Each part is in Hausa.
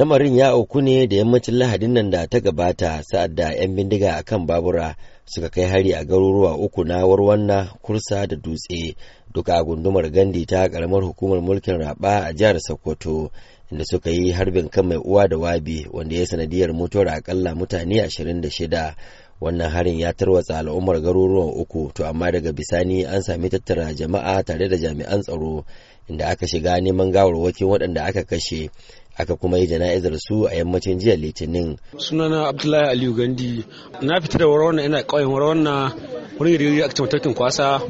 lamarin ya auku ne da yammacin lahadin nan da ta gabata sa'ad da 'yan bindiga a kan babura suka kai hari a garuruwa uku na warwanna kursa da dutse duka a gundumar gandi ta karamar hukumar mulkin raba a jihar sokoto inda suka yi harbin kan mai uwa da wabi wanda ya sanadiyar mutuwar akalla mutane 26 wannan harin ya tarwatsa al'ummar garuruwa uku to amma daga bisani an sami tattara jama'a tare da jami'an tsaro inda aka shiga neman gawarwakin waɗanda aka kashe aka kuma yi jana'izar su a yammacin jiya litinin sunana abdullahi aliyu gandi na fita da warwana ina ƙauyen warwana wurin yiri a cikin kwasa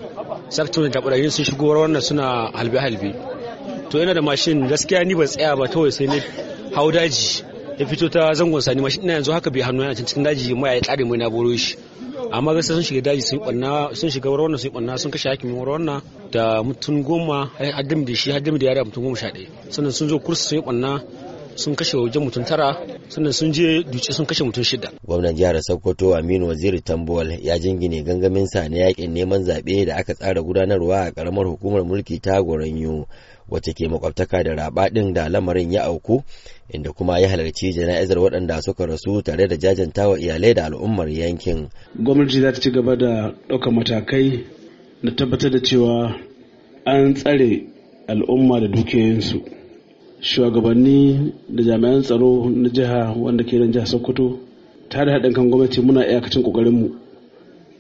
sakatun da sun shigo warwana suna halbe-halbe to yana da mashin gaskiya ni ban tsaya ba kawai sai ne hau daji ya fito ta zangon sani mashin ina yanzu haka bai hannu yana cikin daji mai ya tsare mai na boro shi amma gaskiya sun shiga daji sun barna sun shiga warwana sun barna sun kashe hakimin warwana da mutum goma haddam da shi haddam da yara mutum goma sha ɗaya sannan sun zo kursu sun yi barna sun kashe wajen mutum tara sannan sun je duce sun kashe mutum shida. Gwamnan jihar Sokoto Aminu Waziri Tambuwal ya jingine gangamin sa na yakin neman zaɓe da aka tsara gudanarwa a karamar hukumar mulki ta Goranyo wacce ke makwabtaka da raba ɗin da lamarin ya auku inda kuma ya halarci jana'izar waɗanda suka rasu tare da jajantawa iyalai da al'ummar yankin. Gwamnati za ta ci gaba da ɗaukar matakai na tabbatar da cewa an tsare al'umma da dukiyoyinsu. shugabanni da jami'an tsaro na jiha wanda ke nan jihar sokoto ta da haɗin kan gwamnati muna iyakacin ƙoƙarinmu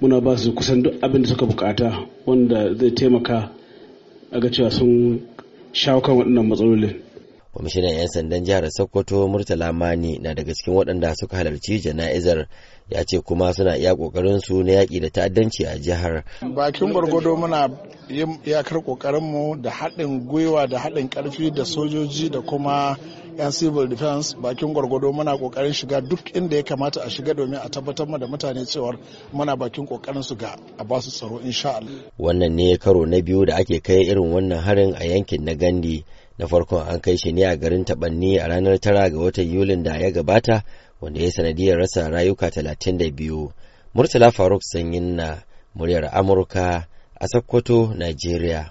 muna ba su kusan duk abin da suka bukata wanda zai taimaka a ga cewa sun shawo kan waɗannan matsalolin kwamishinan 'yan sandan jihar sokoto murtala mani na daga cikin waɗanda suka halarci jana'izar ya ce kuma suna iya ƙoƙarin su na yaƙi da ta'addanci a jihar bakin gwargwado muna iyakar mu da haɗin gwiwa da haɗin ƙarfi da sojoji da kuma 'yan civil defense bakin gwargwado muna kokarin shiga duk inda ya kamata a shiga domin a tabbatar da mutane cewar muna bakin kokarin su ga a ba su tsaro insha Allah. Wannan ne karo na biyu da ake kai irin wannan harin a yankin na Gandi. Na farkon an kai shi ne a garin Tabanni a ranar tara ga watan Yulin da ya gabata wanda ya sanadiyar rasa rayuka talatin da biyu. Murtala Faruk Sanyin na muryar Amurka a Sokoto, Najeriya.